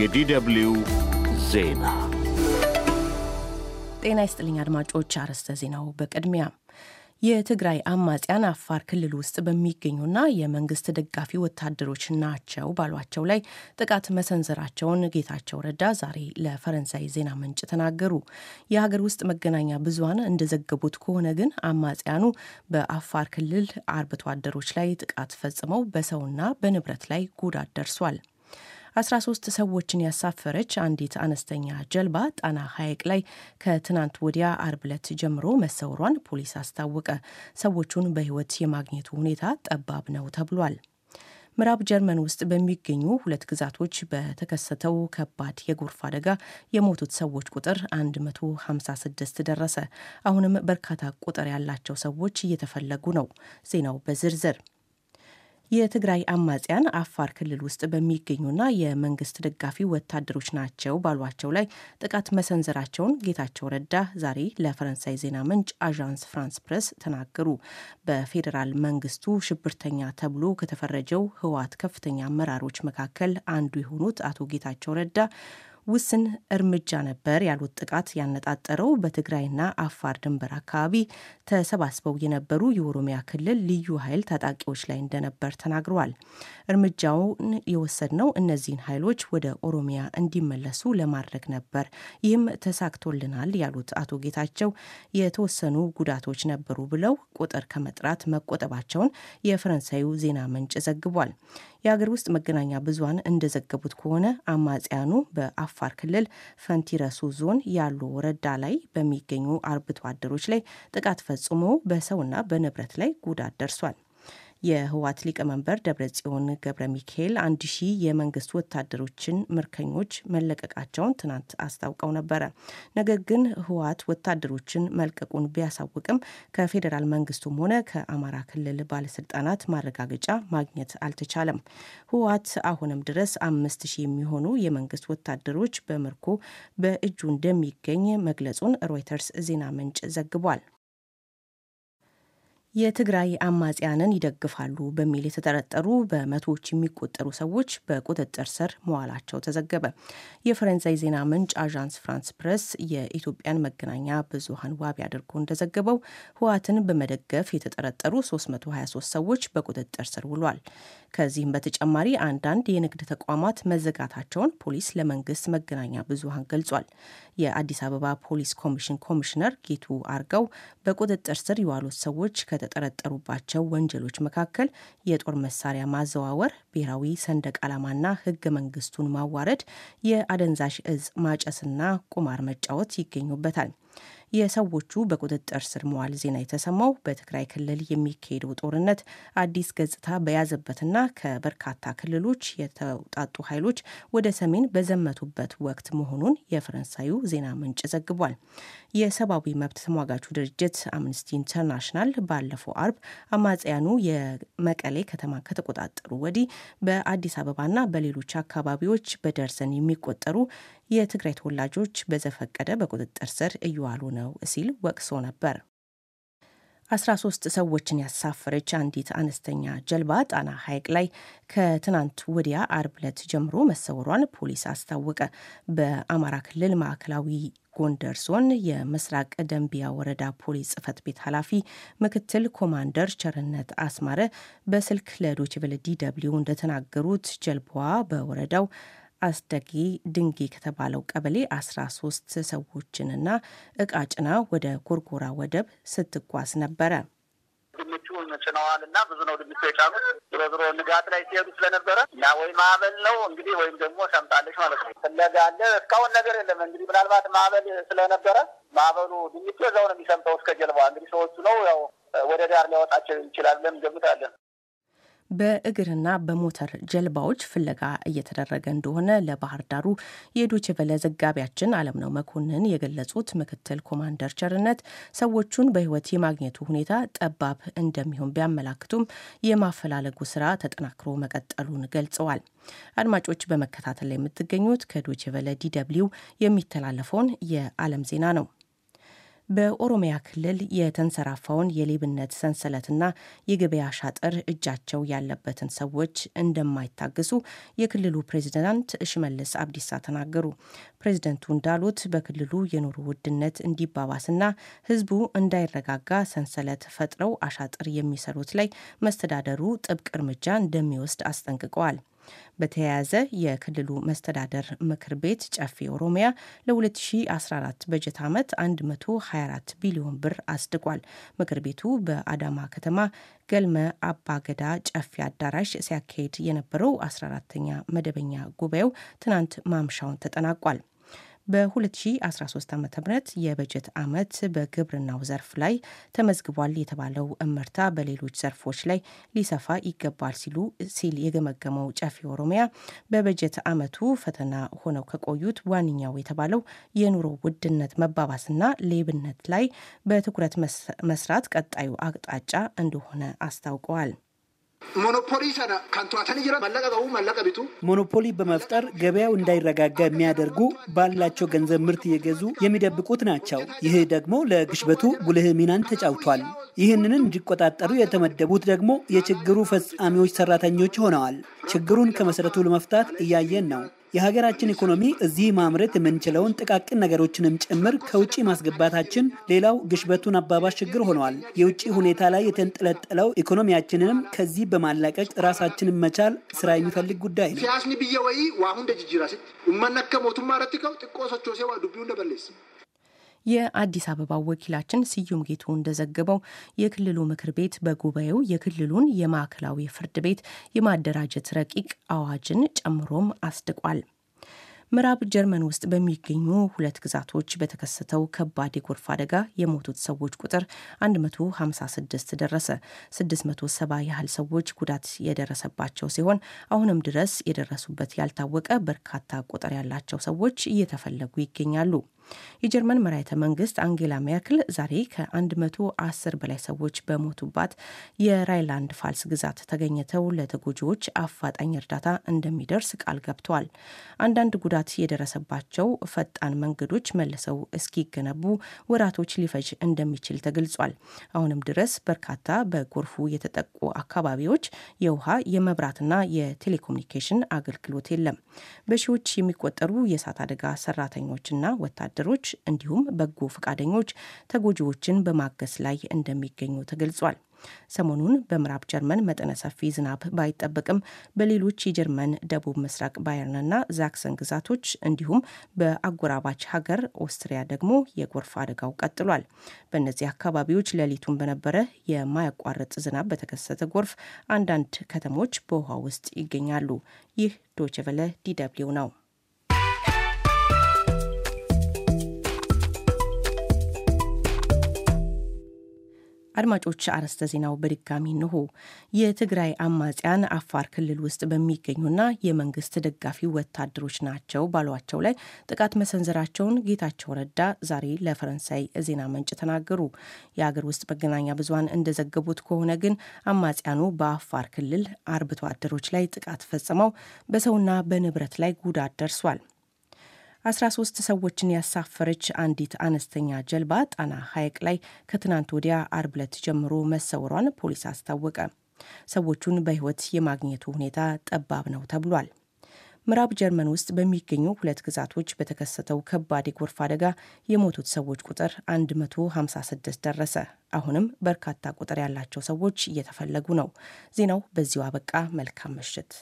የዲደብሊው ዜና ጤና ይስጥልኝ አድማጮች። አርዕስተ ዜናው በቅድሚያ የትግራይ አማጽያን አፋር ክልል ውስጥ በሚገኙና የመንግስት ደጋፊ ወታደሮች ናቸው ባሏቸው ላይ ጥቃት መሰንዘራቸውን ጌታቸው ረዳ ዛሬ ለፈረንሳይ ዜና ምንጭ ተናገሩ። የሀገር ውስጥ መገናኛ ብዙኃን እንደዘገቡት ከሆነ ግን አማጽያኑ በአፋር ክልል አርብቶ አደሮች ላይ ጥቃት ፈጽመው በሰውና በንብረት ላይ ጉዳት ደርሷል። 13 ሰዎችን ያሳፈረች አንዲት አነስተኛ ጀልባ ጣና ሐይቅ ላይ ከትናንት ወዲያ አርብ ዕለት ጀምሮ መሰውሯን ፖሊስ አስታወቀ። ሰዎቹን በሕይወት የማግኘቱ ሁኔታ ጠባብ ነው ተብሏል። ምዕራብ ጀርመን ውስጥ በሚገኙ ሁለት ግዛቶች በተከሰተው ከባድ የጎርፍ አደጋ የሞቱት ሰዎች ቁጥር 156 ደረሰ። አሁንም በርካታ ቁጥር ያላቸው ሰዎች እየተፈለጉ ነው። ዜናው በዝርዝር የትግራይ አማጽያን አፋር ክልል ውስጥ በሚገኙና የመንግስት ደጋፊ ወታደሮች ናቸው ባሏቸው ላይ ጥቃት መሰንዘራቸውን ጌታቸው ረዳ ዛሬ ለፈረንሳይ ዜና ምንጭ አዣንስ ፍራንስ ፕሬስ ተናገሩ። በፌዴራል መንግስቱ ሽብርተኛ ተብሎ ከተፈረጀው ህወሓት ከፍተኛ አመራሮች መካከል አንዱ የሆኑት አቶ ጌታቸው ረዳ ውስን እርምጃ ነበር ያሉት ጥቃት ያነጣጠረው በትግራይና አፋር ድንበር አካባቢ ተሰባስበው የነበሩ የኦሮሚያ ክልል ልዩ ኃይል ታጣቂዎች ላይ እንደነበር ተናግረዋል። እርምጃውን የወሰድነው እነዚህን ኃይሎች ወደ ኦሮሚያ እንዲመለሱ ለማድረግ ነበር፣ ይህም ተሳክቶልናል ያሉት አቶ ጌታቸው የተወሰኑ ጉዳቶች ነበሩ ብለው ቁጥር ከመጥራት መቆጠባቸውን የፈረንሳዩ ዜና ምንጭ ዘግቧል። የሀገር ውስጥ መገናኛ ብዙሃን እንደዘገቡት ከሆነ አማጽያኑ በአፋ በአፋር ክልል ፈንቲረሱ ዞን ያሉ ወረዳ ላይ በሚገኙ አርብቶ አደሮች ላይ ጥቃት ፈጽሞ በሰውና በንብረት ላይ ጉዳት ደርሷል። የህወሓት ሊቀመንበር ደብረጽዮን ገብረ ሚካኤል አንድ ሺህ የመንግስት ወታደሮችን ምርኮኞች መለቀቃቸውን ትናንት አስታውቀው ነበረ። ነገር ግን ህወሓት ወታደሮችን መልቀቁን ቢያሳውቅም ከፌዴራል መንግስቱም ሆነ ከአማራ ክልል ባለስልጣናት ማረጋገጫ ማግኘት አልተቻለም። ህወሓት አሁንም ድረስ አምስት ሺህ የሚሆኑ የመንግስት ወታደሮች በምርኮ በእጁ እንደሚገኝ መግለጹን ሮይተርስ ዜና ምንጭ ዘግቧል። የትግራይ አማጽያንን ይደግፋሉ በሚል የተጠረጠሩ በመቶዎች የሚቆጠሩ ሰዎች በቁጥጥር ስር መዋላቸው ተዘገበ። የፈረንሳይ ዜና ምንጭ አዣንስ ፍራንስ ፕሬስ የኢትዮጵያን መገናኛ ብዙሃን ዋቢ አድርጎ እንደዘገበው ህወሓትን በመደገፍ የተጠረጠሩ 323 ሰዎች በቁጥጥር ስር ውሏል። ከዚህም በተጨማሪ አንዳንድ የንግድ ተቋማት መዘጋታቸውን ፖሊስ ለመንግስት መገናኛ ብዙሃን ገልጿል። የአዲስ አበባ ፖሊስ ኮሚሽን ኮሚሽነር ጌቱ አርገው በቁጥጥር ስር የዋሉት ሰዎች ከተጠረጠሩባቸው ወንጀሎች መካከል የጦር መሳሪያ ማዘዋወር፣ ብሔራዊ ሰንደቅ ዓላማና ህገ መንግስቱን ማዋረድ፣ የአደንዛዥ እጽ ማጨስና ቁማር መጫወት ይገኙበታል። የሰዎቹ በቁጥጥር ስር መዋል ዜና የተሰማው በትግራይ ክልል የሚካሄደው ጦርነት አዲስ ገጽታ በያዘበትና ከበርካታ ክልሎች የተውጣጡ ኃይሎች ወደ ሰሜን በዘመቱበት ወቅት መሆኑን የፈረንሳዩ ዜና ምንጭ ዘግቧል። የሰብአዊ መብት ተሟጋቹ ድርጅት አምነስቲ ኢንተርናሽናል ባለፈው አርብ አማጽያኑ የመቀሌ ከተማ ከተቆጣጠሩ ወዲህ በአዲስ አበባና በሌሎች አካባቢዎች በደርዘን የሚቆጠሩ የትግራይ ተወላጆች በዘፈቀደ በቁጥጥር ስር እየዋሉ ነው ሲል ወቅሶ ነበር። 13 ሰዎችን ያሳፈረች አንዲት አነስተኛ ጀልባ ጣና ሐይቅ ላይ ከትናንት ወዲያ አርብ ዕለት ጀምሮ መሰወሯን ፖሊስ አስታወቀ። በአማራ ክልል ማዕከላዊ ጎንደር ዞን የምስራቅ ደንቢያ ወረዳ ፖሊስ ጽሕፈት ቤት ኃላፊ ምክትል ኮማንደር ቸርነት አስማረ በስልክ ለዶችቨለ ዲ ደብልዩ እንደተናገሩት ጀልባዋ በወረዳው አስደጊ ድንጊ ከተባለው ቀበሌ 13 ሰዎችንና እቃ ጭና ወደ ጎርጎራ ወደብ ስትጓዝ ነበረ። ድንቹን ጭነዋል እና ብዙ ነው ድንቹ የጫኑት። ዞሮ ዞሮ ንጋት ላይ ሲሄዱ ስለነበረ እና ወይ ማዕበል ነው እንግዲህ ወይም ደግሞ ሰምጣለች ማለት ነው። ፍለጋ አለ እስካሁን ነገር የለም። እንግዲህ ምናልባት ማዕበል ስለነበረ ማዕበሉ ድንቹ እዛው ነው የሚሰምጠው እስከ ጀልባ እንግዲህ ሰዎቹ ነው ያው ወደ ዳር ሊያወጣቸው ይችላል ብለን እንገምታለን። በእግርና በሞተር ጀልባዎች ፍለጋ እየተደረገ እንደሆነ ለባህር ዳሩ የዶችቨለ ዘጋቢያችን አለምነው መኮንን የገለጹት ምክትል ኮማንደር ቸርነት ሰዎቹን በሕይወት የማግኘቱ ሁኔታ ጠባብ እንደሚሆን ቢያመላክቱም የማፈላለጉ ስራ ተጠናክሮ መቀጠሉን ገልጸዋል። አድማጮች በመከታተል ላይ የምትገኙት ከዶችቨለ ዲደብሊው የሚተላለፈውን የዓለም ዜና ነው። በኦሮሚያ ክልል የተንሰራፋውን የሌብነት ሰንሰለትና የገበያ ሻጥር እጃቸው ያለበትን ሰዎች እንደማይታግሱ የክልሉ ፕሬዚደንት ሽመልስ አብዲሳ ተናገሩ። ፕሬዝደንቱ እንዳሉት በክልሉ የኑሮ ውድነት እንዲባባስና ሕዝቡ እንዳይረጋጋ ሰንሰለት ፈጥረው አሻጥር የሚሰሩት ላይ መስተዳደሩ ጥብቅ እርምጃ እንደሚወስድ አስጠንቅቀዋል። በተያያዘ የክልሉ መስተዳደር ምክር ቤት ጨፌ ኦሮሚያ ለ2014 በጀት ዓመት 124 ቢሊዮን ብር አስድቋል። ምክር ቤቱ በአዳማ ከተማ ገልመ አባገዳ ጨፌ አዳራሽ ሲያካሄድ የነበረው 14ተኛ መደበኛ ጉባኤው ትናንት ማምሻውን ተጠናቋል። በ2013 ዓ ም የበጀት ዓመት በግብርናው ዘርፍ ላይ ተመዝግቧል የተባለው እመርታ በሌሎች ዘርፎች ላይ ሊሰፋ ይገባል ሲሉ ሲል የገመገመው ጨፌ ኦሮሚያ በበጀት ዓመቱ ፈተና ሆነው ከቆዩት ዋነኛው የተባለው የኑሮ ውድነት መባባስና ሌብነት ላይ በትኩረት መስራት ቀጣዩ አቅጣጫ እንደሆነ አስታውቀዋል። ሞኖፖሊ ከንቷተን ጅረ መለቀ ቀቡ መለቀ ቢቱ ሞኖፖሊ በመፍጠር ገበያው እንዳይረጋጋ የሚያደርጉ ባላቸው ገንዘብ ምርት እየገዙ የሚደብቁት ናቸው። ይህ ደግሞ ለግሽበቱ ጉልህ ሚናን ተጫውቷል። ይህንን እንዲቆጣጠሩ የተመደቡት ደግሞ የችግሩ ፈጻሚዎች ሰራተኞች ሆነዋል። ችግሩን ከመሰረቱ ለመፍታት እያየን ነው። የሀገራችን ኢኮኖሚ እዚህ ማምረት የምንችለውን ጥቃቅን ነገሮችንም ጭምር ከውጭ ማስገባታችን ሌላው ግሽበቱን አባባሽ ችግር ሆነዋል። የውጭ ሁኔታ ላይ የተንጠለጠለው ኢኮኖሚያችንንም ከዚህ በማላቀቅ ራሳችንን መቻል ስራ የሚፈልግ ጉዳይ ነው። ሲያስኒ ብየ ወይ ዋሁን ደጅጅራ ኡመነከ ማረትከው ረትከው ጥቆሶች ሴዋ የአዲስ አበባ ወኪላችን ስዩም ጌቱ እንደዘገበው የክልሉ ምክር ቤት በጉባኤው የክልሉን የማዕከላዊ ፍርድ ቤት የማደራጀት ረቂቅ አዋጅን ጨምሮም አስድቋል። ምዕራብ ጀርመን ውስጥ በሚገኙ ሁለት ግዛቶች በተከሰተው ከባድ የጎርፍ አደጋ የሞቱት ሰዎች ቁጥር 156 ደረሰ። 670 ያህል ሰዎች ጉዳት የደረሰባቸው ሲሆን አሁንም ድረስ የደረሱበት ያልታወቀ በርካታ ቁጥር ያላቸው ሰዎች እየተፈለጉ ይገኛሉ። የጀርመን መራተ መንግስት አንጌላ ሜርክል ዛሬ ከ110 በላይ ሰዎች በሞቱባት የራይላንድ ፋልስ ግዛት ተገኝተው ለተጎጂዎች አፋጣኝ እርዳታ እንደሚደርስ ቃል ገብተዋል። አንዳንድ ጉዳት የደረሰባቸው ፈጣን መንገዶች መልሰው እስኪገነቡ ወራቶች ሊፈጅ እንደሚችል ተገልጿል። አሁንም ድረስ በርካታ በጎርፉ የተጠቁ አካባቢዎች የውሃ የመብራትና የቴሌኮሙኒኬሽን አገልግሎት የለም። በሺዎች የሚቆጠሩ የእሳት አደጋ ሰራተኞችና ወታደ አደሮች እንዲሁም በጎ ፈቃደኞች ተጎጂዎችን በማገስ ላይ እንደሚገኙ ተገልጿል። ሰሞኑን በምዕራብ ጀርመን መጠነ ሰፊ ዝናብ ባይጠበቅም በሌሎች የጀርመን ደቡብ ምስራቅ ባየርንና ዛክሰን ግዛቶች እንዲሁም በአጎራባች ሀገር ኦስትሪያ ደግሞ የጎርፍ አደጋው ቀጥሏል። በእነዚህ አካባቢዎች ሌሊቱን በነበረ የማያቋርጥ ዝናብ በተከሰተ ጎርፍ አንዳንድ ከተሞች በውሃ ውስጥ ይገኛሉ። ይህ ዶችቨለ ዲደብሊው ነው። አድማጮች አርዕስተ ዜናው በድጋሚ እንሆ። የትግራይ አማጽያን አፋር ክልል ውስጥ በሚገኙና የመንግስት ደጋፊ ወታደሮች ናቸው ባሏቸው ላይ ጥቃት መሰንዘራቸውን ጌታቸው ረዳ ዛሬ ለፈረንሳይ ዜና ምንጭ ተናገሩ። የአገር ውስጥ መገናኛ ብዙሃን እንደዘገቡት ከሆነ ግን አማጽያኑ በአፋር ክልል አርብቶ አደሮች ላይ ጥቃት ፈጽመው በሰውና በንብረት ላይ ጉዳት ደርሷል። 13 ሰዎችን ያሳፈረች አንዲት አነስተኛ ጀልባ ጣና ሐይቅ ላይ ከትናንት ወዲያ አርብ ዕለት ጀምሮ መሰወሯን ፖሊስ አስታወቀ። ሰዎቹን በሕይወት የማግኘቱ ሁኔታ ጠባብ ነው ተብሏል። ምዕራብ ጀርመን ውስጥ በሚገኙ ሁለት ግዛቶች በተከሰተው ከባድ የጎርፍ አደጋ የሞቱት ሰዎች ቁጥር 156 ደረሰ። አሁንም በርካታ ቁጥር ያላቸው ሰዎች እየተፈለጉ ነው። ዜናው በዚሁ አበቃ። መልካም ምሽት።